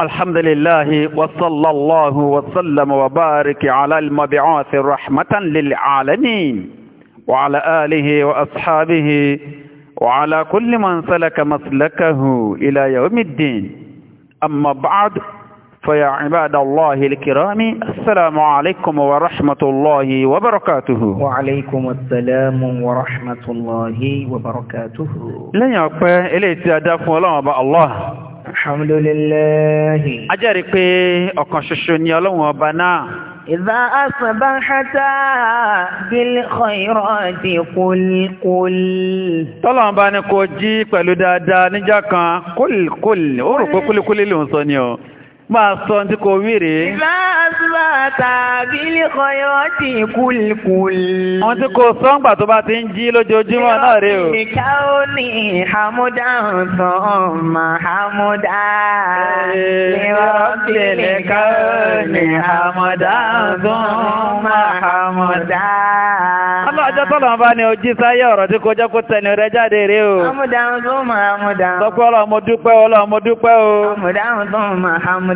الحمد لله وصلى الله وسلم وبارك على المبعوث رحمة للعالمين وعلى آله وأصحابه وعلى كل من سلك مسلكه إلى يوم الدين أما بعد فيا عباد الله الكرام السلام عليكم ورحمة الله وبركاته وعليكم السلام ورحمة الله وبركاته لن يقف إليه تدافع الله الله alhamdulillah. a jẹ́rìí pé ọ̀kan ṣoṣo ni ọlọ́run ọba náà. إذا أصبحت بالخيرات قل قل tọ́lọ́n bá ní kó jí pẹ̀lú dáadáa níjọ́ kan kúlìkúlì ó rò pé kúlìkúlì ló sọ ni o máa sọ tí kò wíre. ìbáṣbà tàbí lẹ́kọ̀ọ́ ti kúlìkúlì. wọ́n tí kò sọ́ngbà tó bá ti ń jí lójoojúmọ́ náà rẹ̀ o. ìka ó ní hamuda sàn mahamuda. ìrọ̀bìlẹ̀ ká ó ní hamuda sàn mahamuda. alájọ́ tọ́lọ̀ bá ní ojú sáyé ọ̀rọ̀ tí kò jẹ́ kó tẹnu rẹ̀ jáde rẹ̀ o. hamuda ma mahamuda. sọ pé ọlọ́mọdúpẹ́ ọlọ́mọdúpẹ́ o. hamuda sàn mahamuda.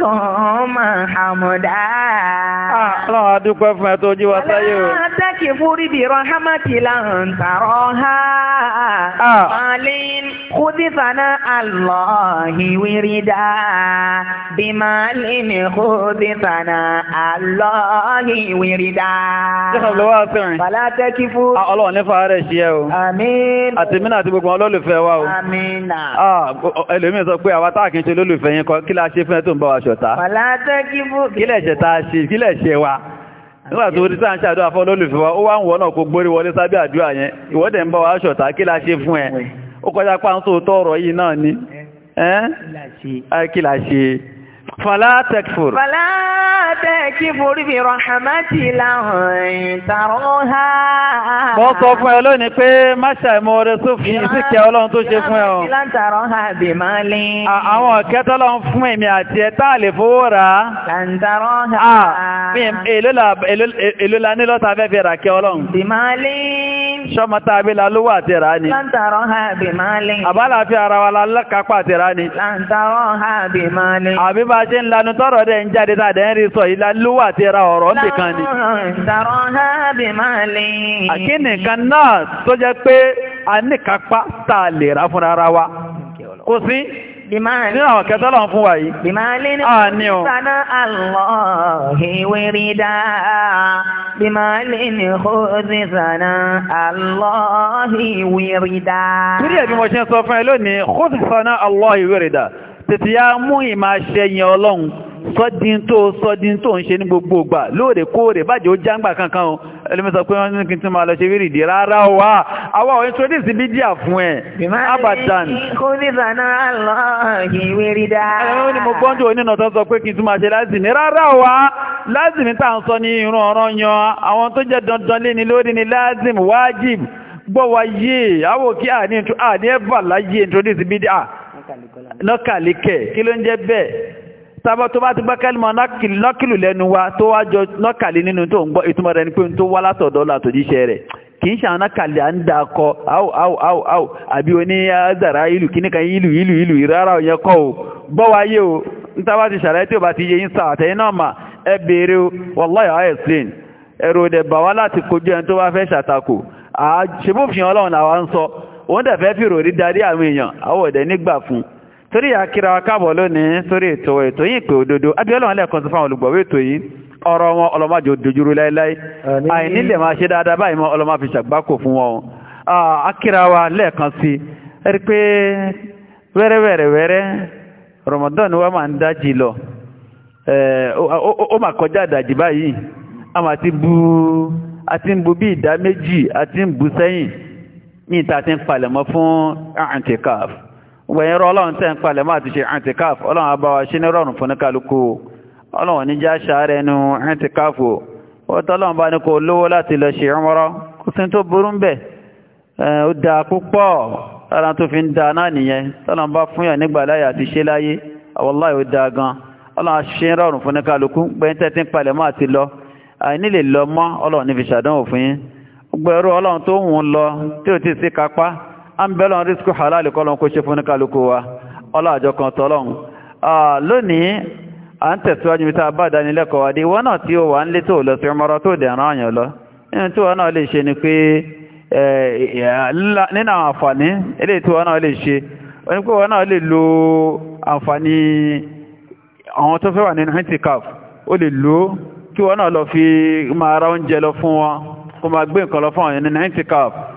ثم حمدا ọlọ́run adúpẹ́ ah, fún ẹ tó jí wa sáyé o. aláàtàkì fúrí di rọ́hámàtì láǹtàrọ́ ha. Ah. malin kúdífàná àlọ́hì wírídà bí malin kúdífàná àlọ́hì fana ṣé ló wá sí rìn. aláàtàkì fúrí. Ah, ọlọ́run nífa rẹ̀ ṣí ẹ o. àmín. àti mínà àti gbogbo olólùfẹ́ wa o. àmín. ẹlòmíín sọ pé àwa táàkì ń ṣe olólùfẹ́ yín kọ́ kí la ṣe fún ẹ tó ń bọ̀ bá wa ṣọ̀tá kílẹ̀ ṣe ta ṣe kílẹ̀ ṣe wa nígbà tó rí sáà ń ṣàdúrà fún olólùfẹ́ wa ó wá ń wọ́n náà kó gbórí wọlé sábẹ́ àdúrà yẹn ìwọ́dẹ̀ ń bá wa ṣọ̀tá kí la ṣe fún ẹ ó fàlá tẹ́kfùr fàlá tẹ́kfùr bí rahmatí láhùn ìtàrọ́ ha Mo sọ fún ẹ lónìí pé má ṣàìmọ̀ oore sófin ìsìnkẹ́ ọlọ́run tó ṣe fún ẹ o. Àwọn ọ̀kẹ́tọ́ lọ fún èmi àti ẹ lè fowó rà á. Láǹtàrọ̀ ha. Èló fẹ́ fi rà kí ọlọ́run ṣọ́mọ tá a bí la lówó àtẹ̀rà ni. láǹtàrọ̀ ha bì máa lè. àbálàfíà ara wa la lákàpá àtẹ̀rà ni. láǹtàrọ̀ ha bì máa lè. àbí bá a ṣe ń lanu tọrọ dẹ ń jáde tá a dẹ ń rí sọ yìí la lówó àtẹ̀rà ọ̀rọ̀ ń bìkan ni. láǹtàrọ̀ ha bì máa lè. àkínní kan náà tó jẹ́ pé a ní kápá tá a lè ra fúnra wa kò sí. Nínú àwọn kẹta lọ fún wa yìí. Bìmáàlì ní Hùsànà Allahi wérida. Bìmáàlì ní Hùsànà Allahi wérida. Torí ẹ̀bí mo ṣe sọ fún ẹ lónìí, Hùsànà Allahi wérida. Tètè ya mú ìmáṣẹ́yìn Ọlọ́run sọ di tó sọ di tó ń ṣe ní gbogbo ìgbà lóòrèkóòrè bàjẹ́ ó jáǹgbà kankan o ẹlẹ́mẹ́sọ pé wọ́n ní kí n tún máa lọ ṣe wírìdì rárá o wá àwa ò introduce bídíà fún ẹ̀ abadan. kò ní bàná lọ ìwérí dá. ẹ̀rọ ni mo gbọ́njọ́ onínà tó sọ pé kí n tún máa ṣe lázìmí rárá o wá lázìmí tá à ń sọ ní irun ọ̀rọ̀ yan àwọn tó jẹ́ dandan lé ní lórí ni lázìm wájib gbọ́wà yìí àwọ̀ kí à ní ẹ̀fà láyé introduce bídíà lọ́kàlíkẹ̀ kí ló ń jẹ́ bẹ́ẹ̀ sábà tó bá ti gbọ́ kẹ́lìmọ̀ nọ́kìlù lẹ́nu wa tó wá jọ nọ́kàlì nínú tó ń gbọ́ ìtumọ̀ rẹ̀ ni pé tó wá látọ̀dọ̀ látòjíṣẹ́ rẹ̀ kì í ṣàwọn abi à ń dà kọ áwò áwò áwò áwò àbí oní azara ìlú kíní kan ìlú ìlú ìlú òyìn kọ́ o gbọ́ wáyé o ń ti ṣàlàyé tí o bá ti yẹ yín sá àtẹ̀yìn náà mà ẹ béèrè o wàláyà á explain ẹ̀rọ òdẹ̀ bà wá láti kojú ẹni tó bá fẹ́ ṣàtakò àṣebófin ọlọ́run sọ òun dẹ̀ fẹ́ darí àwọn èèyàn àwọ̀ nígbà fún un torí àkíra káàbọ̀ lónìí sórí ètò ètò yìí pé òdodo abiola wọn lẹ́ẹ̀kan sí fáwọn olùgbọ̀wé ètò yìí ọ̀rọ̀ wọn ọlọ́mọdé òdojúrú láéláé àìnílẹ̀ máa ṣe dáadáa báyìí mọ́ ọlọ́mọ fi ṣàgbákò fún wọn àkíra wa lẹ́ẹ̀kan sí ẹ̀rí pé wẹ́rẹ́wẹ́rẹ́wẹ́rẹ́ Ramadan wa máa ń dájì lọ ó máa kọjá àdàjì báyìí a máa ti bu àti ń bu bí ìdá méjì àti ń bu sẹ́yìn ní ìta ti ń palẹ̀mọ́ fún àǹtíkáàfù gbẹ̀yìn rọ ọlọ́run tẹ́ ń palẹ̀ máa ti ṣe antikaf ọlọ́run àbáwá ṣe ní rọrùn fún ní kálukú ọlọ́run níjà ṣàárẹ̀ nu o ó tọ́lọ́run bá ní kò lówó láti lọ ṣe ọmọrọ kó sí tó burú ń bẹ̀ ó da púpọ̀ lára tó fi ń da náà nìyẹn tọ́lọ́run bá fún yàn nígbà láyé àti ṣe láyé wàláhì da gan ọlọ́run ṣe ń rọrùn fún ní kálukú a ń bẹ́lọ̀ rísíkù halal kọ́lọ̀n kó ṣe fún kálukú wa ọlọ́àjọ kan tọ́lọ́n lónìí a ń tẹ̀síwájú mítà bá dánilẹ́kọ̀ọ́ wa dé wọ́n náà tí ó wà ń lé tó lọ sí ọmọrọ tó dẹ̀ràn àyàn lọ ni pé nínú àwọn àǹfààní eléyìí tí wọ́n náà lè ṣe wọ́n ni pé wọ́n náà lè lo àǹfààní àwọn tó fẹ́ wà nínú hintikaf ó lè lò ó kó máa gbé nǹkan lọ fún àwọn nínú hintikaf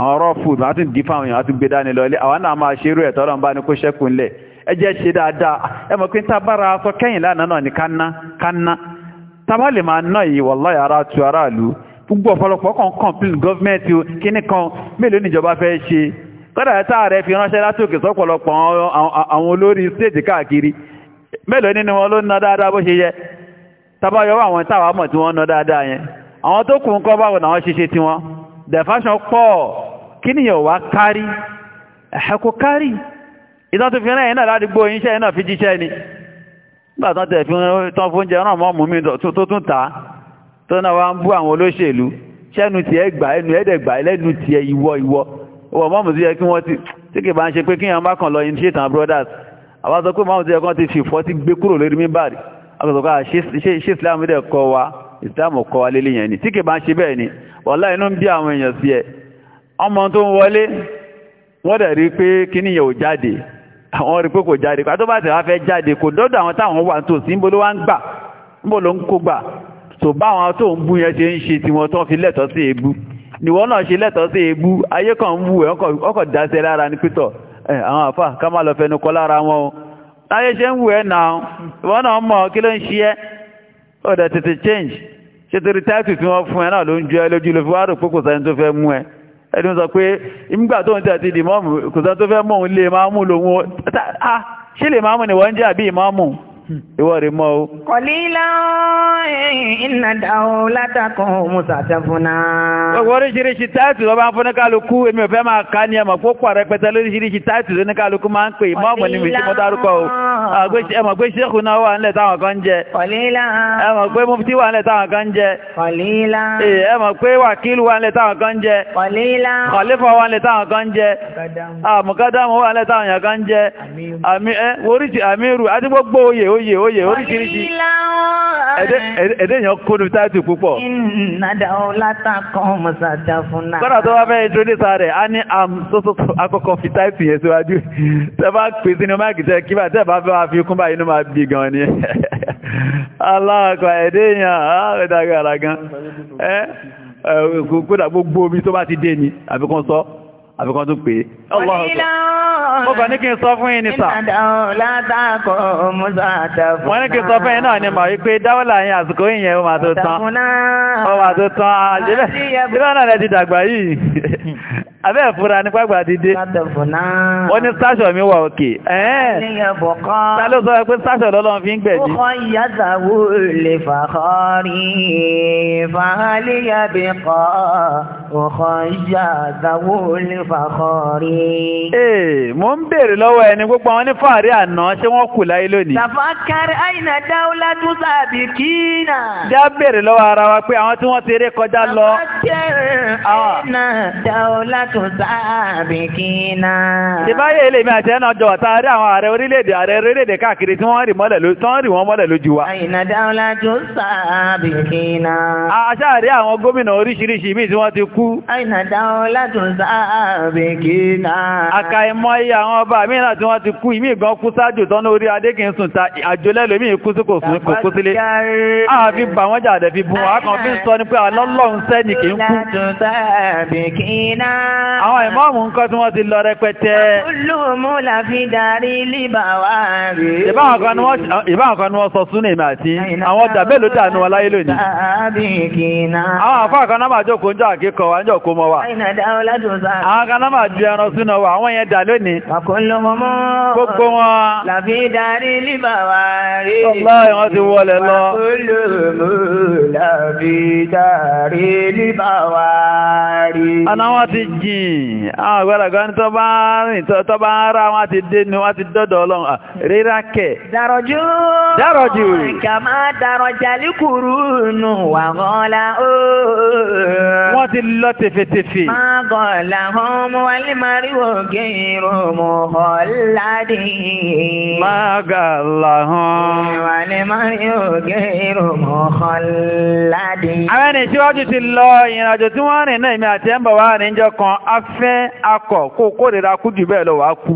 àwọn ọ̀rọ̀ fúd máa tún dì fáwọn èèyàn tún gbé dání lọlé àwọn náà máa ṣe irú ẹ̀ tọ́lọ́ bá ní kó ṣẹ́kù ńlẹ̀ ẹ jẹ́ ṣe dáadáa ẹ mọ̀ pé tá bára sọ kẹ́yìn lánàá náà ní kánná kánná tábà lè máa ná yìí wàláyà ara tu aráàlú gbogbo ọ̀pọ̀lọpọ̀ kan complain gọ́ọ̀mẹ́ntì kíní kan mélòó níjọba fẹ́ ṣe kọ́dà ẹ̀ta rẹ̀ fi ránṣẹ́ látòkè sọ́pọ̀lọpọ̀ àwọn olórí stéètì káàkiri mélòó nínú wọn ló ná mọ̀ tí wọ́n ná dáadáa yẹn àwọn tó kù kọ́ báwọn àwọn ṣe ṣe tiwọn the fashion pọ̀ kíníyàn wá kárí ẹ̀kọ́ kárí ìtọ́tù fi rẹ̀ náà ládìgbò iṣẹ́ iná fi jíṣẹ́ ni gbàtán tẹ̀ fi tán fún jẹ́ ràn mọ́ mú mi tó tún ta tó náà wá ń bú àwọn olóṣèlú ṣẹ́nu tiẹ̀ gbà ẹnu ẹ̀dẹ̀gbà ẹlẹ́nu tiẹ̀ ìwọ brothers àwọn sọ pé mọ́mù sí yẹ kí wọ́n ti fìfọ́ ti gbé kúrò lórí mímbàrí àkọsọ̀kọ́ ṣe Islam dẹ̀ kọ wa Islam kọ wa lélẹ́yìn ẹni tí kì bá ń ṣe bẹ́ẹ̀ ni wọ́n láì inú ń bí àwọn èèyàn sí ẹ̀ ọmọ tó ń wọlé wọ́n dẹ̀ rí pé kíní yẹ̀ ò jáde àwọn rí pé kò jáde pàtó bá tẹ̀ wá fẹ́ jáde kò dọ́dọ̀ àwọn táwọn wà tó sí níbo ló wá ń gbà níbo ló ń kó gbà tó bá àwọn tó ń bú yẹn ṣe ń ṣe tiwọn tó fi lẹ́tọ̀ọ́ sí èébú nìwọ náà ṣe lẹ́tọ̀ọ́ sí èébú ayé kan ń wù ẹ́ ọkọ̀ dáṣẹ́ lára ní pítọ̀ ẹ̀ àwọn àfà ká má lọ fẹnu kọ lára wọn o láyé ṣe ń wù ẹ́ nà ìwọ náà mọ̀ kí ló ń ṣe ẹ́ ó tètè change ṣètò rí táìtù tí wọ́n fún ẹ náà ló ń jọ ẹ lójú ló fi wá rò pé kò sẹ́ni tó fẹ́ mú ẹ ẹni sọ pé ìmúgbà tó ń tẹ̀ ti dìmọ́mù kò sọ tó fẹ́ mọ̀ ń lè máa mú lòun ṣe lè máa mú ni wọ́n jẹ́ àbí ìmọ́mù ìwọ rẹ̀ mọ́ o. kọ̀lílá iná dáwọ́ látàkùn mùsàtẹ́ fúnná. gbogbo oríṣiríṣi táàtì ló máa ń fún ní kálukú èmi ò fẹ́ máa ká ní ẹmọ̀ pó pọ̀ rẹpẹtẹ lóríṣiríṣi táàtì ló ní kálukú máa ń pè mọ́ ọ̀mọ̀ ní mùsùlùmí dárúkọ o. ẹmọ̀ pé ṣéèkù náà wà nílẹ̀ táwọn kan ń jẹ. ẹmọ̀ pé mufti wà nílẹ̀ táwọn kan jẹ. kọ̀lílá. wà nílẹ̀ táwọn kan jẹ. kọ̀lílá. wà nílẹ̀ táwọn kan ah, kan jẹ. àmì oyè oyè oríṣiríṣi ẹ̀dẹ́ èèyàn kó ní táìtì púpọ̀. ìnàdà ọlátà kan mọ̀sàdà fún náà. kọ́nà tó wá fẹ́ introduce rẹ̀ á ní am um, sọ́sọ́ akọ́kọ́ fi táìtì yẹn síwájú tẹ́ bá pè sínú máàkì tẹ́ kí bá tẹ́ bá fẹ́ wá fi kún báyìí inú máa bí gan ni. aláàkọ ẹ̀dẹ́ èèyàn ààrẹ̀dàgbàrà gan. ẹ kódà gbogbo omi tó bá ti dé ni àbíkan sọ àbíkọ́ tó pé ọba ní kí n sọ fún ẹni sà wọ́n ní kí n sọ fún ẹni náà ni màá wípé dáwọ́là yẹn àsìkò ìyẹn ó máa tó tán ó máa tó tán àjẹ́bẹ́ ah, náà lẹ́ ti dàgbà yìí abẹ́ ìfura ní fàkọ́rí. Ee, mo ń bèèrè lọ́wọ́ ẹni gbogbo àwọn onífàárí àná ṣé wọ́n kù láyé lónìí. Tàfákàrí àyìnà dáúlá tún sàbí kíínà. Já bèèrè lọ́wọ́ ara wa pé àwọn tí wọ́n ti eré kọjá lọ. Tàfákàrí àyìnà dáúlá tún sàbí kíínà. Ìbáyé ilé mi àti ẹ̀nà jọ ọ̀tá rí àwọn ààrẹ orílẹ̀-èdè ààrẹ orílẹ̀-èdè káàkiri tí wọ́n rì wọ́n mọ́lẹ̀ lójú wa. Àyìnà dáúlá tún sàbí kíínà. Àṣà rí àwọn gómìnà oríṣiríṣi míì ti kú. Àyìnà dáúlá tún sàbí A àkàìmọ̀ iye àwọn ọba mìíràn tí wọ́n ti kú ìmí ìgbọ́n kú sáájú tọ́nú orí adé kì sunta, sùn ta àjọlẹ́lòmí kú sí kò kú sílé. àfi bà wọ́n jà àdẹ̀fi bùn wọ́n á kàn fi ń sọ ni pé alọ́lọ́run sẹ́ni kì í kú. àwọn ìmọ̀ọ́mù nǹkan tí ti lọ rẹpẹtẹ. olùmú la fi darí líbà wá rè é. àwọn kan náà máa ju ẹran sínú ọwọ́ àwọn yẹn dà lónìí. àkọlọmọmọ gbogbo wọn. làbí darí líbà wá rí. ọlá ìwọ́n ti wọlé lọ. àkọlọmọ làbí darí líbà wá rí. ọ̀nà wọn ti jìn àwọn àgbàlagbà ní tó bá rìn tó bá ń ra wọn ti dé ni wọn ti dọ́dọ̀ ọlọ́run rírà kẹ̀. dàrọ̀jú dàrọ̀jú kà máa dàrọ̀jà líkùrú nù wà gọ́lá ó. wọ́n ti lọ tẹ̀fẹ̀tẹ̀fẹ̀. máa gọ̀ọ̀là ọmọ wálé máa rí òkè ìrọ̀mọ̀ ọ̀làdì. máa gàlà hàn. wálé máa rí òkè ìrọ̀mọ̀ ọ̀làdì. àwọn ẹni tí wọ́n ti lọ ìrìnàjò tí wọ́n rìn náà àti ẹ̀ ń bọ̀ wá kan afẹ́ akọ̀ kó kórìíra kú jù bẹ́ẹ̀ lọ wàá kú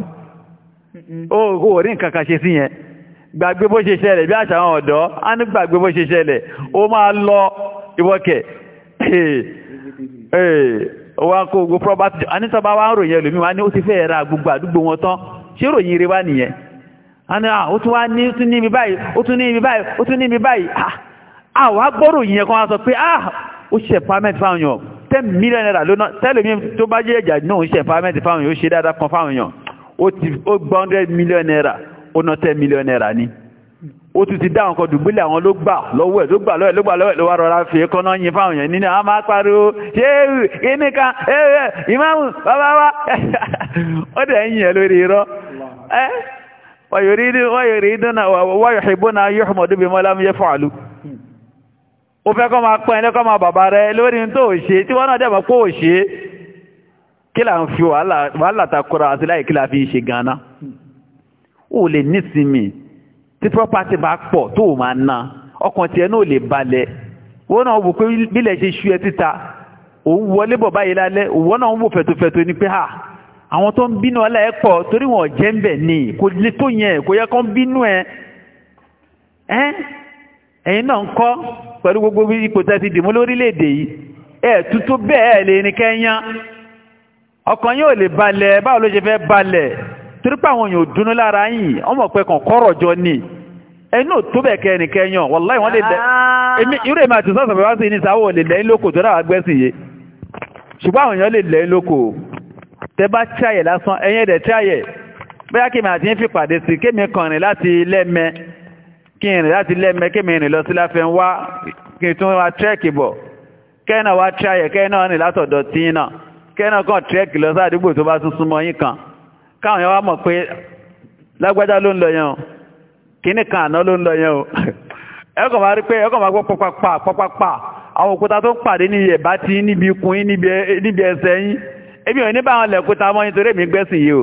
ó rí nǹkan kan ṣe sí yẹn gbàgbé bó ṣe ṣẹlẹ̀ bí àṣà àwọn ọ̀dọ́ á ní gbàgbé bó ṣe ṣẹlẹ̀ ó máa lọ ìwọ́kẹ̀ wá kó gbogbo property wá ń ròyìn wá ní ó ti ra gbogbo àdúgbò wọn tán ṣé ròyìn a ní ó tún wá ní ó tún ní ibi báyìí ó tún ah, ten million naira lónà tẹ́lẹ̀mí tó bá jẹ́ ìjà náà ń ṣe empowerment fáwọn èèyàn ó ṣe dáadáa kan fáwọn èèyàn ó gba hundred million naira ó ná ten million naira ni ó tún ti dá àwọn kan dùgbìlẹ̀ àwọn ló gbà lọ́wọ́ ẹ̀ ló gbà lọ́wọ́ ẹ̀ ló gbà lọ́wọ́ ẹ̀ ló wá rọra fi kọ́nà yin fáwọn èèyàn nínú àwọn máa pariwo ṣé kíní kan ẹ̀ẹ́ ìmáàmù bàbá wa ó dẹ̀ ń yẹn lórí irọ́ ẹ́ wọ́n yóò rí dúnà wọ́n yóò ṣe bọ́nà yóò mọ̀ dúbìmọ́ lámúyẹ́ fún àlù ó fẹ́ kọ́ máa pẹ́ ẹni kọ́ máa bàbá rẹ lórí tó ò ṣe tí wọ́n náà dẹ̀mọ́ pé ò ṣe kí là ń fi wàhálà takora àti láì kí là fi ṣe gánà ó lè nísìmì tí property bá pọ̀ tó o máa ná ọkàn tiẹ̀ náà lè balẹ̀ wọ́n náà wò pé bílẹ̀ ṣe ṣú ẹ títa òun wọlé bọ̀ báyìí lálẹ́ òun náà wò fẹ̀tọ̀fẹ̀tọ̀ ni pé ha àwọn tó ń bínú ọlá ẹ ni kò lè tó yẹn kò yẹ kó ẹ̀yin náà ń kọ́ pẹ̀lú gbogbo ipò tẹ́ ti dìmú lórílẹ̀-èdè yìí ẹ̀ tuntun bẹ́ẹ̀ lè ní kẹ́yán ọkàn yóò lè balẹ̀ báwo ló ṣe fẹ́ balẹ̀ torípé àwọn èèyàn ò dúnú lára yìí ọmọ pẹ́ kàn kọ́rọ̀ jọ ni ẹnu ò tó bẹ̀ kẹ́ ní kẹ́yán wàláì wọ́n lè lẹ́ èmi irú èmi àti sọ́sọ̀ bàbá sí ní sáwọ́ lè lẹ́yìn lóko tó dára gbẹ́sìn sí kémi kànrin kí n rìn láti lẹ́mẹ́ kí mi rìn lọ sí láfẹ́ ń wá kí n tún wá tírẹ́kì bọ̀ kẹ́ẹ̀nà wá tíráyẹ̀ kẹ́ẹ̀nà rìn látọ̀dọ̀ tí náà kẹ́ẹ̀nà kan tírẹ́kì lọ sáàdúgbò tó bá tún súnmọ́ yín kan káwọn yẹn wá mọ̀ pé lágbájá ló ń lọ yẹn o kíní kan àná ló ń lọ yẹn o ẹ̀kọ́ máa rí pé ẹ̀kọ́ máa gbọ́ pàpàpà pàpàpà àwọn òkúta tó ń pàdé ní ẹ̀bá tí níbi ikùn yín níbi ẹsẹ̀ yín èmi ò bá àwọn lẹ̀kúta mọ́ nítorí èmi gbẹ́sìn yìí o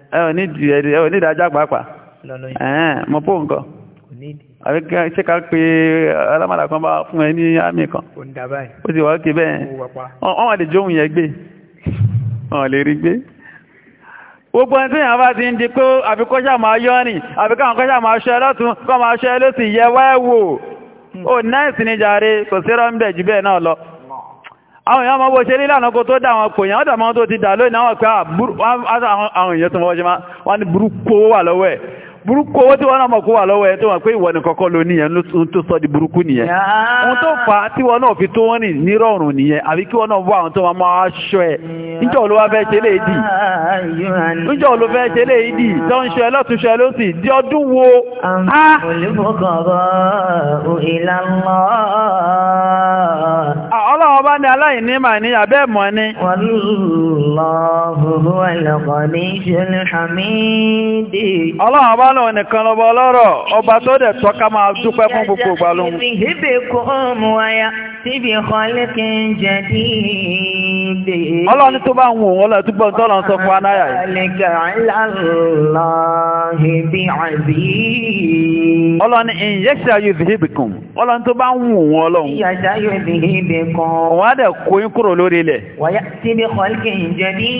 ẹ ò ní di ẹ ò ní ìdájọ́ pàápàá ẹ̀ẹ́n mo pò nǹkan àbí ṣé ká pé alámàdà kan bá fún ẹ ní àmì kan ó sì wá òkè bẹ́ẹ̀ wọ́n wà lè jóhun yẹn gbé wọ́n lè rí gbé gbogbo ẹni tí èèyàn bá ti ń di pé àfikọ́ṣà máa yọ́ nì àfikọ́ṣà kọ́ṣà máa ṣọ́ ẹlọ́tún kọ́ máa ṣọ́ ẹlọ́sìn yẹ wá ẹ̀wò hmm. ó náà ìsinmi jàre kò sí rọ́ńbẹ̀ jù bẹ́ẹ̀ náà lọ àwọn èèyàn ọmọ ṣe nílànà kó tó dáwọn àwọn kò yàn ọ́dà máa tó ti dà lónìí àwọn pé ah, àwọn èèyàn tó wọ́n ṣe máa wọ́n ní burúkú wà lọ́wọ́ ẹ̀ burúkú owó tí wọ́n náà mọ̀ kó wà lọ́wọ́ ẹ tó wà pé ìwọ nìkan kọ́ ló níyẹn ń tó sọ di burúkú nìyẹn ohun tó fà á tí wọ́n náà fi tó wọ́n rìn nírọ̀rùn nìyẹn àbí kí wọ́n náà wọ àwọn tó máa máa ṣọ ẹ níjọ́ ló wá fẹ́ ṣe lè dì níjọ́ ló fẹ́ ṣe ah! ọlọ́run bá Ọlọ́run nìkan lọ́bọ̀ ọlọ́rọ̀ ọba tó dẹ̀ tọ́ka máa dúpẹ́ fún gbogbo ìgbà síbi kọ́lékè jẹ̀dí ìdè. ọlọ́ni tó bá ń wò wọ́n lọ́ọ́ túbọ̀ tọ́lọ̀ ń sọ fún anáyà yìí. ọlọ́ni aláàlọ́hì bí àbí. ọlọ́ni ìyẹ́sà yóò fi híbi kan ọlọ́ni tó bá ń wò wọ́n lọ́hùn. ìyẹ́sà yóò fi híbi kan. wọ́n á dẹ̀ kó yín kúrò lórí ilẹ̀. wọ́yá síbi kọ́lékè jẹ̀dí.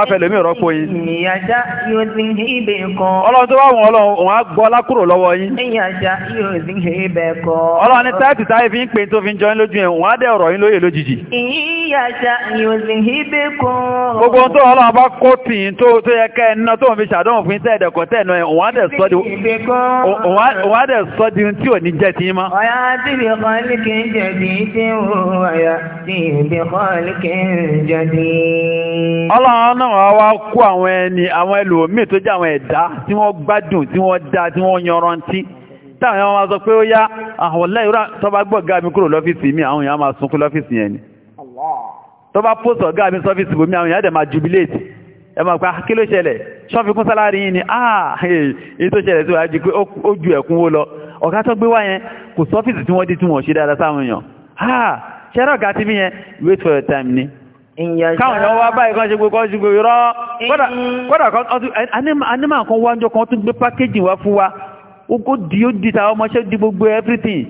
ní káyín fẹ́ lèmi rọ́pò yín. ìyàjá yóò ti ń ibè kan. ọlọ́run tó bá wọn ọlọ́run òun á gbọ́ lákúrò lọ́wọ́ yín. ìyàjá yóò ti ń ibè kan. ọlọ́run ní táàtì táyé fi ń pè tó fi ń jọyín lójú yẹn òun á dẹ̀ ọ̀rọ̀ yín lóye lójijì. ìyàjá yóò ti ń ibè kan. gbogbo ohun tó ọlọ́run bá kó tì í tó tó máa wá kó àwọn ẹni àwọn ẹlòmíì tó jẹ́ àwọn ẹ̀dá tí wọ́n gbádùn tí wọ́n dá tí wọ́n yanrantí táwọn èèyàn máa sọ pé ó yá àwọn ah, lẹ́yìnrà tó bá gbọ́gá mi kúrò lọ́fíìsì mi àwọn èèyàn máa sunkún lọ́fíìsì yẹn ni tó bá pòsò mi sọ́fíìsì bòmí àwọn èèyàn dẹ̀ máa jubilate ẹ máa pa ah, kí ló ṣẹlẹ̀ ṣọ́fikún sálárì yìí ni ah èyí tó ṣẹlẹ̀ sí wájú pé ó ju ẹ̀kúnwó lọ ọ̀gá tó gbé wá yẹn kò sọ́fíìsì tí wọ́n dé tí wọ́n ṣe dáadáa sáwọn èèyàn ah ṣẹ́rọ̀ ọ̀gá tí mi yẹn wait for your time ni káwọn èèyàn wá báyìí kan ṣe gbogbo ọjọ́ gbogbo irọ́ kódà anímọ̀ kan wá ń jọ kan tún gbé pákéjì wá fún wa ó di ó di tàwọn ọmọṣẹ́ di gbogbo everything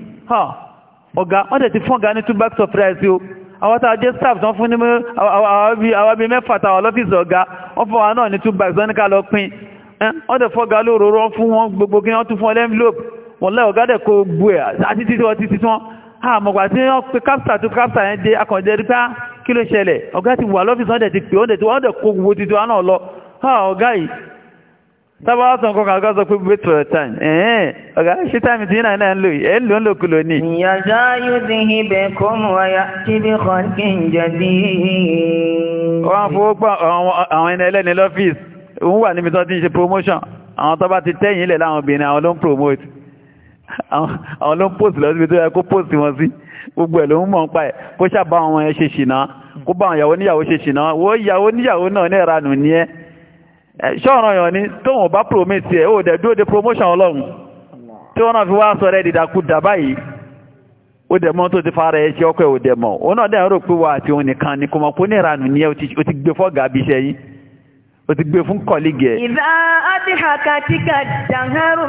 ọ̀gá wọ́n tẹ̀ ti fún ọ̀gá ní two bags of rice o àwọn tàà jẹ́ staff tán fún ní àwọn bí mẹ́fà tàwọn lọ́fíìsì ọ̀gá wọ́n fún wa náà ní two bags wọ́n ní ká lọ pín wọ́n tẹ̀ fọ́gá lóòrò fún wọn gbogbo kí wọ́n tún fún envelope wọ́n kí ló ṣẹlẹ̀ ọ̀gá ti wà lọ́fíìsì ọ̀dẹ̀ ti pè ọ́dẹ̀ tí wọ́n dẹ̀ kó gbogbo títí wọn náà lọ ọ̀gá yìí sábà wá sọ̀kan kan gọ́sọ̀ pé wait for your time ẹ̀ẹ́n ọ̀gá ṣe táìmì tí náà náà ń lò ẹ̀ ń gbogbo ẹ̀ ló ń mọ̀ ń pa ẹ̀ kó ṣàbá àwọn ọmọ ṣe ṣìnà kó bá àwọn ìyàwó níyàwó ṣe ṣìnà wo ìyàwó níyàwó náà ní ìranù ni ẹ ṣọ́ọ̀ràn yàn ni tóun bá promise ẹ̀ ó dúró de promotion ọlọ́run tí wọ́n náà fi wá sọ rẹ̀ dìdàkudà báyìí ó dẹ̀ mọ́ tó ti fara ẹ̀ ṣe ọkọ̀ ẹ̀ ò dẹ̀ mọ́ òun náà dẹ̀ rò pé wà àti òun nìkan ni kò mọ̀ pé ní ìranù ni ẹ ó o ti gbé fún kọ́lígì ẹ̀. ìdá adìhàkà tí kà jàǹhàrù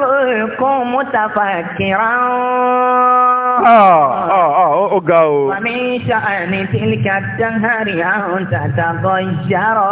kún mú tàfà kìrán. Ah, ah, ó ga o. Wàmí ṣàánì tí ní kàtàkárì àwọn tàtàbọ̀ yàrá.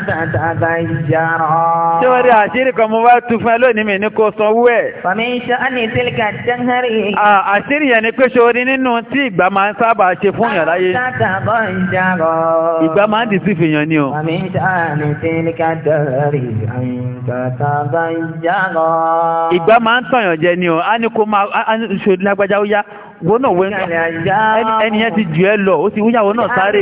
tàtàbájára. Ṣé wọ́n rí àṣírí kan mo wá tu fún ẹ lónìí mi ní kò sanwó ẹ̀? Fàmí iṣẹ́ á ní sílíkà jẹ́hẹ́rì. Àṣírí yẹn ni pé ṣe orí nínú tí ìgbà máa ń sábà ṣe fún yàn láyé. Ìgbà máa ń dì sí fìyàn ni o. Fàmí iṣẹ́ á ní sílíkà jẹ́hẹ́rì. Tàtàbájára. Ìgbà máa ń tọ̀yàn jẹ ni o. A ní kó máa ṣòdì lágbájá ó yá wo náà wẹ́ ẹni yẹn ti jù ẹ lọ ó ti wúyàwó náà sáré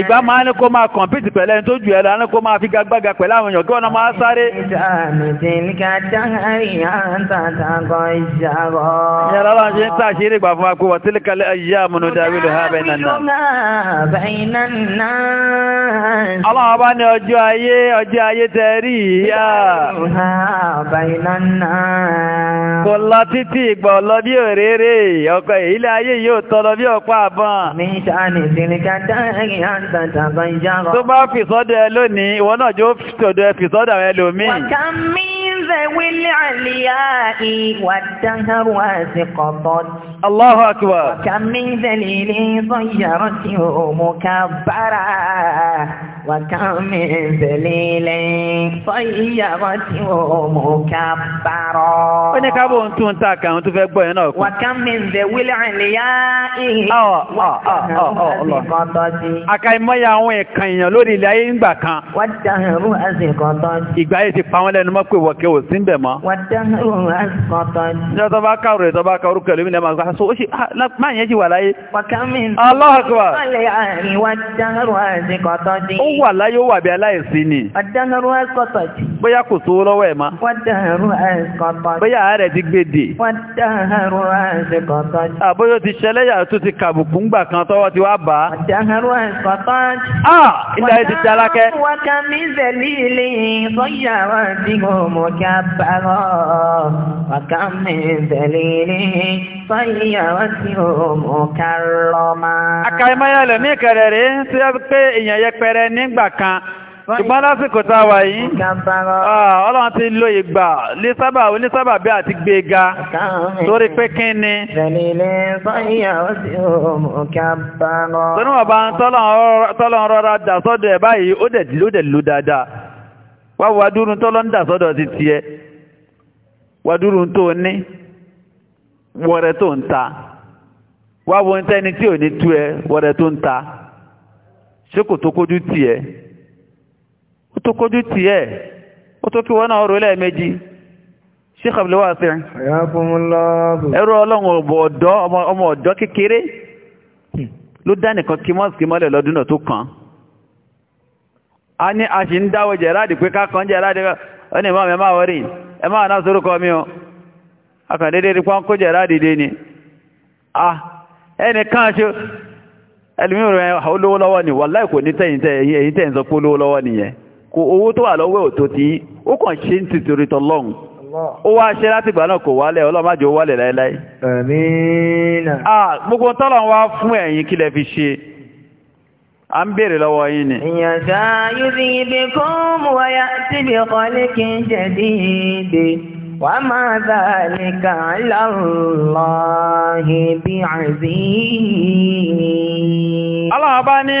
ìgbà máa ní kó máa kọ̀mpìtì pẹ̀lẹ́ tó jù ẹ lọ ní kó máa fi gagbága pẹ̀lú àwọn èèyàn kí wọ́n máa sáré ìyàrá láwọn ṣe ń tà ṣe rígbà fún akówọ̀ tílíkalẹ̀ ayé àmúnudà ha bẹ́ẹ̀ náà Allah bá ní ọjọ́ ayé, ọjọ́ ayé tẹ́rí ìyá. Kò lọ títí ìgbà ọlọ bí òréré, ọkọ̀ ilé ayé yóò tọrọ bí ọ̀pá àbọ̀n. Mi ṣàní sílíkà dáhìrì àǹtàtà bá ń jára. Tó bá fìsọ́dọ̀ ẹ lónìí, ìwọ náà jó fìsọ́dọ̀ ẹ lòmíì. ذوي العلياء والدهر واسقطت الله أكبر وكم من ذليل ضيرته مكبرا وكم من ذليل ضيرته مكبرا ó ní ká bóun tún ta kàrún tó fẹ́ gbọ́ yẹn náà kù. wàkán mi ń bẹ wílẹ̀ àlìyá ìhìn. ọ̀ ọ̀ ọ̀ ọ̀ àkàìmọye àwọn ẹ̀kan èèyàn lórí ilẹ̀ ayé ńgbà kan. wọ́n dàrú àsìkò tó ń. ìgbà yìí ti pa wọ́n lẹ́nu mọ́ pé wọ́kẹ́ wò sí ń bẹ̀ mọ́. Ṣé tọ́ bá kàrò ẹ̀ tọ́ bá kàrò kẹ̀lú mi ní ẹ̀mà gbáṣọ́ ó ṣe máa yẹn jì wà láyé. Allahu akbar. ti ṣẹlẹ́yà tó ti kàbùkù ńgbà kan tọ́wọ́ ti wá bá. Ilé ayé ti ṣe Wọ́n ká mí zẹ̀lí ilé ìsọ́yà wá sí ọmọ kí كبرا وكم من ذليل صيرته مكرما Àkàìmọ́ yẹlẹ̀ ní ìkẹrẹ rí tí ó pé èèyàn yẹpẹrẹ nígbà kan. Ṣùgbọ́n lásìkò tá a wà yìí, Ọlọ́run ti lo ìgbà lé sábà olé sábà bí àti gbé ga torí pé kí ni. Tọ́nú ọba tọ́lọ̀ rọra dà sọ́dọ̀ ẹ̀ báyìí ó dẹ̀ ló dáadáa wá wàdúrún tọ́lọ́ ń dà sọ́dọ̀ ti tiẹ̀ wàdúrún tó ní wọ́rẹ́ tó ń ta wá wo ń tẹ́ni tí ò ní tú ẹ wọ́rẹ́ tó ń ta ṣé kò tó kójú tiẹ̀ ó tó kójú tiẹ̀ ó tó kí wọ́n náà rò lẹ́ẹ̀mejì ṣé kàbílẹ̀ wá sí ẹ. ẹrú ọlọ́run ọmọ ọ̀dọ́ kékeré ló dá nìkan kí mọ́ọ̀sì mọ́lẹ̀ lọ́dún náà tó kàn án. a ní a ṣì ń dáwọ jẹ̀ráàdì pé kákan jẹ̀ráàdì ó ní ìmọ̀ mẹ́mà wọ́rí ẹ máa náà sórúkọ mi o akàndédé dị pọ́n kó jẹ̀ráàdì dé ni ah ẹni kan ṣe ẹlùmí rẹ̀ ah, olówó lọ́wọ́ ni wàláì kò ní tẹ̀yìn tẹ̀yìn sọ pé olówó lọ́wọ́ nìyẹn kò owó tó wà lọ́wọ́ ò tó ti ó kàn ṣe ń tìtorí tọlọ́hun ó wá ṣe láti ìgbà náà kò wálẹ̀ ọlọ́májò wálẹ̀ láíláí. àmín. ah gbogbo tọ́lọ̀ wá fún ẹ̀yin kílẹ̀ fi ṣe a ń bèèrè lọ́wọ́ yín ni. ìyànṣá yúzi ibi kó mú wáyá síbi kọ́lé kí n ṣẹ̀dí ìdè wà máa dhalika ala Allahi bi'aziz. Allah bá ní.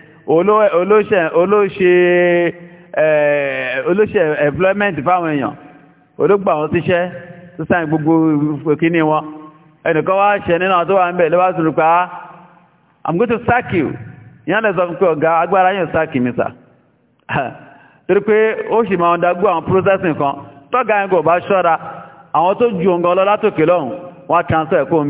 olóṣe employment fáwọn èèyàn olóògbà wọn síṣẹ́ tó gbogbo kíní wọn ẹnìkan wá ṣẹ nínú àwọn tó wà ń bẹ̀ lọ́wọ́ sùn pa ah, i'm going to sack you ìyá lè sọ pé ọ̀gá agbára yóò sack mi sà torí pé ó sì máa ń dagbó àwọn processing kan tọ́gà yẹn kò bá ṣọ́ra àwọn ju lọ́hùn á transfer kó ń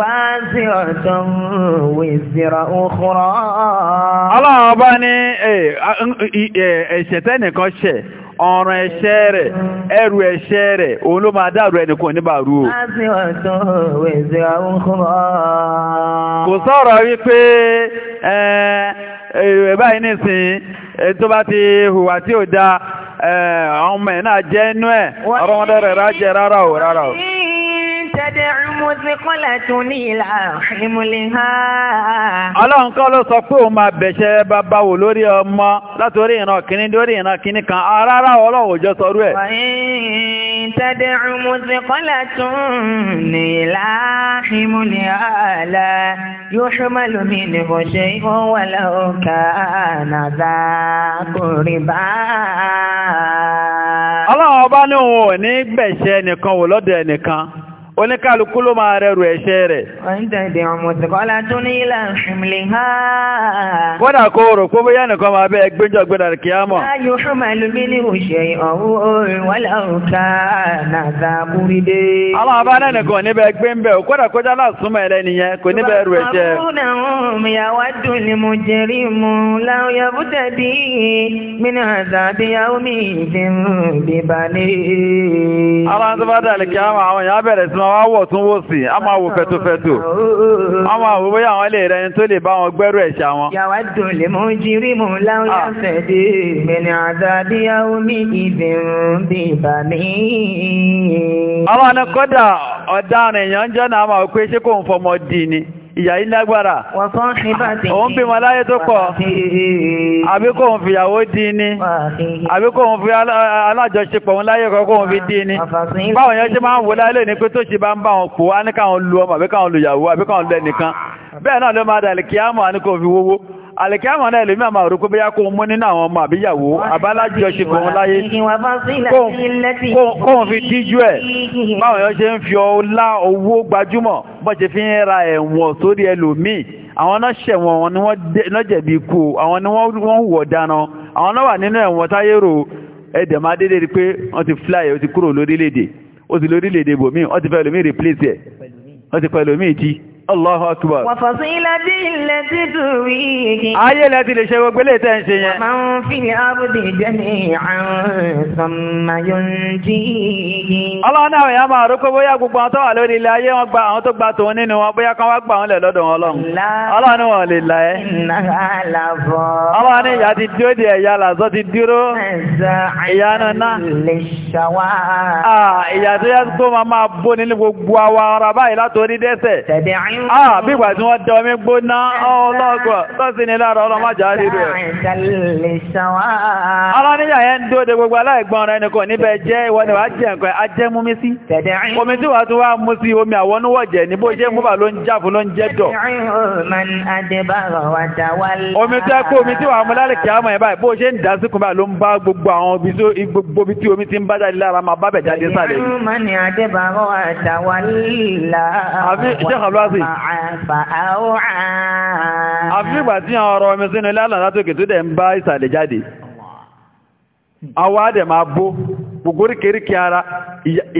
وازرة وزر أخرى ọlọ́run ọba ní ẹ̀ṣẹ̀ tẹ́nìkan ṣẹ̀ ọ̀ràn ẹ̀ṣẹ̀ rẹ̀ ẹrù ẹ̀ṣẹ̀ rẹ̀ òun ló máa dàrú ẹnìkan níbà rú o. kò sọ̀rọ̀ wípé ẹ̀ báyìí nìsín tó bá ti hùwà tí ò da ọmọ ẹ̀ náà jẹ́ inú ẹ̀ ọ̀rọ̀ wọn dẹ̀rẹ̀ rájẹ rárá o rárá o tẹ́dẹ̀ rúmútí kọ́lẹ̀ tún ní ìlà ìmúlẹ̀ ha. ọlọ́run kọ́ ló sọ pé òun máa bẹ̀ṣẹ̀ bàbá wò lórí ọmọ látorí ìran kìíní lórí ìran kìíní kan arára ah, ọlọ́run òjò sọrú ẹ̀. tẹ́dẹ̀ rúmútí kọ́lẹ̀ tún ní ìlà ìmúlẹ̀ àlà yóò ṣe máa lómi nìbò ṣe ìwọ wà ọlọ́run ọba ní òun ò ní gbẹ̀ṣẹ̀ nìkan wò lọ́dọ̀ ẹnìkan oníkàlùkù ló máa rẹrù ẹ̀ṣẹ̀ rẹ̀. Kódà kó rò pé bóyá nìkan máa bẹ́ ẹgbẹ́jọ́ gbẹ́dà kí á mọ̀. Àwọn àbá náà nìkan níbẹ̀ ẹgbẹ́ ń bẹ̀ ò kódà kójá láàsúnmọ̀ ẹ̀rẹ́ nìyẹn kò níbẹ̀ rù ẹ̀ṣẹ̀. Àwọn àtúbádà lè kí á mọ̀ àwọn ìyá bẹ̀rẹ̀ sí tún wá wọ̀ tún wó sí a máa wò fẹ́tofẹ́tò a máa wò bóyá àwọn ilé rẹ̀ tó lè bá wọn gbẹ́rù ẹ̀ṣà wọn. yàwá dùn lè mú jírí mú láwùjọ ah. mẹ́rin àzàbí omi ìbẹ̀rùn bí bàmí. àwọn ọ̀nà ọ̀daràn èèyàn jọ́nà a máa pé ṣé kò ń fọmọ dì ni. ìyà yìí lágbára òun bí wọn láyé tó pọ̀ àbíkò òun fìyàwó dín ní àbíkò òun fi alájọṣepọ̀ òun láyé kọ́kọ́ òun fi dín ní báwọn yẹn ṣe máa ń wò láyé ní pé tó ṣe bá ń bá wọn kó á ní káwọn lu ọmọ àbíkáwọn lu ìyàwó àbíkáwọn àlìkẹ́mọ̀ náà lè mí àmà òrùkú bóyá kó mú nínú àwọn ọmọ àbíyàwó abálájọ́ ṣe kò ń láyé kóhùn fi díjú ẹ̀ báwọn èèyàn ṣe ń fi ọlá owó gbajúmọ̀ bọ́ ṣe fi ń ra ẹ̀wọ̀n sórí ẹlòmíì àwọn náà ṣẹ̀wọ̀n wọn ni wọ́n jẹ̀bi ikú àwọn ni wọ́n wọ̀ dáná àwọn náà wà nínú ẹ̀wọ̀n táyérò ẹ̀dẹ̀ máa Allahu akbar. Wa fasilati allati tuwihi. Ayé láti lè ṣe gbogbo ilé tẹ́ ń ṣe yẹn. Máa ń fi àbùdè jami'an thumma yunjihi. Ọlọ́run náà yà máa rúkọ bóyá gbogbo àwọn tó wà lórí ilé ayé gba àwọn tó gba tòun nínú wọn bóyá kan wá gbà wọn lẹ̀ lọ́dọ̀ wọn lọ́hùn. Ọlọ́run wọn lè là ẹ́. Ọlọ́run ní ìyá ti dúró di ẹ̀yà làzọ́ ti dúró. Ìyá náà ná. Ìyá tó yẹ kó máa máa bó nínú gbogbo àwọn ará báyìí látòrí dẹ́sẹ̀. Ah, bí ìgbà tí wọ́n dẹ omi gbóná ọlọ́gbọ̀ tọ́sí ni lára ọlọ́májá rírò. Ọlọ́níyà yẹn ń dóde gbogbo aláìgbọ́n rẹ̀ nìkan níbẹ̀ jẹ́ ìwọ ni wàá jẹ́ nǹkan ajẹ́ mú mi sí. Omi tí wàá tún wá mú sí omi àwọnúwọ̀jẹ̀ ní bó ṣe mú ló ń jáfù ló ń jẹ́ dọ̀. Omi tí wàá omi tí wàá mú lálẹ́ kí á bó ṣe ń dá síkùn báyìí ló ń bá gbogbo àwọn ibi tí omi ti ń bá jáde lára máa bá bẹ̀ jáde sálẹ̀. Àbí ìṣẹ́ àfígbà tí àwọn ọ̀rọ̀ omi sínú ilé alàlátòkè tó dẹ̀ ń bá ìsàlẹ̀ jáde àwọn adẹ̀ máa bó gbogbo oríkèríkè ara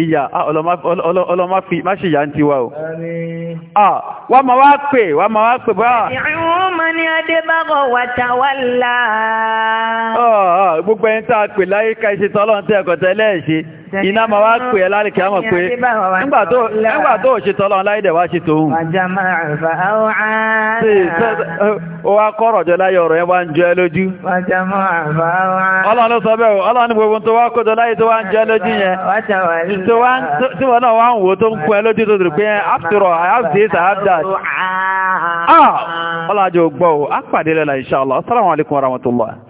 ìyà ọlọ́má fi máṣe ìyà ń ti wá o wá pè mani adébágọ̀ wàtàwálà. Ah, ah, gbogbo ẹni tá a pè láyé ká ṣe tọ́lọ́n tẹ́ ẹ̀kọ́ tẹ́lẹ̀ ṣe iná máa wá pè ẹ́ láti kí á mọ̀ pé nígbà tó ṣe tọ́lọ́n láyé dẹ̀ wá ṣe tòun. ó wá kọ́rọ̀ jọ láyé ọ̀rọ̀ yẹn wá ń jọ ẹ lójú. ọlọ́run sọ bẹ́ẹ̀ ọlọ́run ní gbogbo tó wá kójọ láyé tó wá ń jọ lójú yẹn tí wọ́n náà wá i have this i have that. Ah! ọlọ́run àjọ jẹ́ ó gbọ́ ó á pàdé lọ́la insha Allah assalamu alaikum